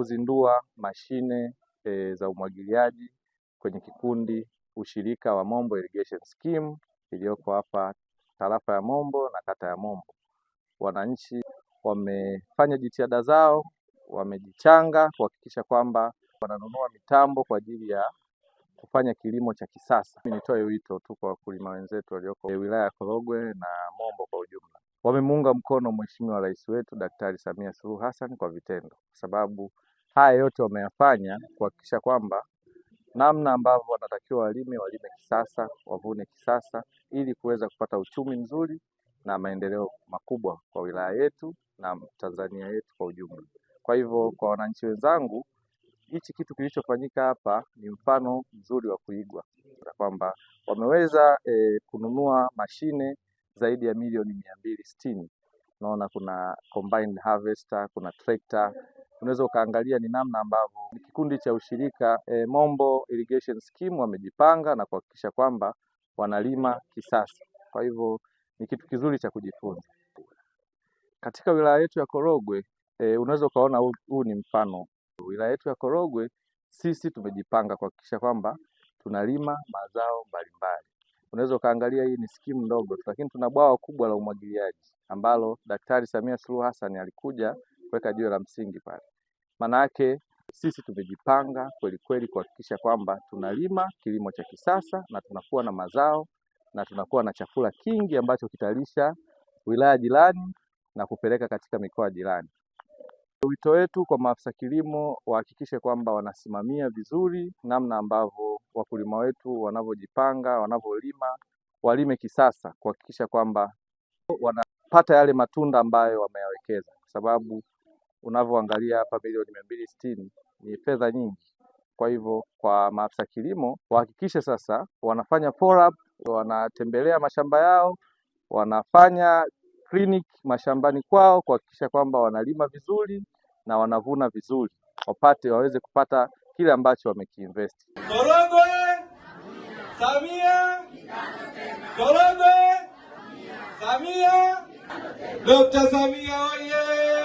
kuzindua mashine e, za umwagiliaji kwenye kikundi ushirika wa Mombo Irrigation Scheme iliyoko hapa tarafa ya Mombo na kata ya Mombo. Wananchi wamefanya jitihada zao, wamejichanga kuhakikisha kwamba wananunua mitambo kwa ajili ya kufanya kilimo cha kisasa. Mimi nitoe wito tu kwa wakulima wenzetu walioko wilaya ya Korogwe na Mombo kwa ujumla, wamemuunga mkono Mheshimiwa Rais wetu Daktari Samia Suluhu Hassan kwa vitendo, kwa sababu Haya yote wameyafanya kuhakikisha kwamba namna ambavyo wanatakiwa walime, walime kisasa, wavune kisasa, ili kuweza kupata uchumi mzuri na maendeleo makubwa kwa wilaya yetu na Tanzania yetu kwa ujumla. Kwa hivyo, kwa wananchi wenzangu, hichi kitu kilichofanyika hapa ni mfano mzuri wa kuigwa, kwamba wameweza e, kununua mashine zaidi ya milioni mia mbili sitini. Unaona kuna combined harvester, kuna trekta unaweza ukaangalia ni namna ambavyo ni kikundi cha ushirika e, Mombo Irrigation Scheme wamejipanga na kuhakikisha kwamba wanalima kisasa. Kwa hivyo ni kitu kizuri cha kujifunza. Katika wilaya yetu ya Korogwe e, unaweza ukaona huu ni mfano. Wilaya yetu ya Korogwe sisi tumejipanga kuhakikisha kwamba tunalima mazao mbalimbali. Unaweza ukaangalia hii ni skimu ndogo, lakini tuna bwawa kubwa la umwagiliaji ambalo Daktari Samia Suluhu Hassan alikuja kuweka jiwe la msingi pale. Manake sisi tumejipanga kweli kweli kuhakikisha kwamba tunalima kilimo cha kisasa na tunakuwa na mazao na tunakuwa na chakula kingi ambacho kitalisha wilaya jirani na kupeleka katika mikoa jirani. Wito wetu kwa maafisa kilimo wahakikishe kwamba wanasimamia vizuri namna ambavyo wakulima wetu wanavyojipanga, wanavyolima, walime kisasa kuhakikisha kwamba wanapata yale matunda ambayo wameyawekeza kwa sababu unavyoangalia hapa milioni mia mbili sitini ni fedha nyingi. Kwa hivyo kwa maafisa kilimo wahakikishe sasa wanafanya follow up, wanatembelea mashamba yao, wanafanya clinic mashambani kwao kuhakikisha kwamba wanalima vizuri na wanavuna vizuri, wapate waweze kupata kile ambacho wamekiinvest. Korogwe Samia, Korogwe Samia, Dkt. Samia oye!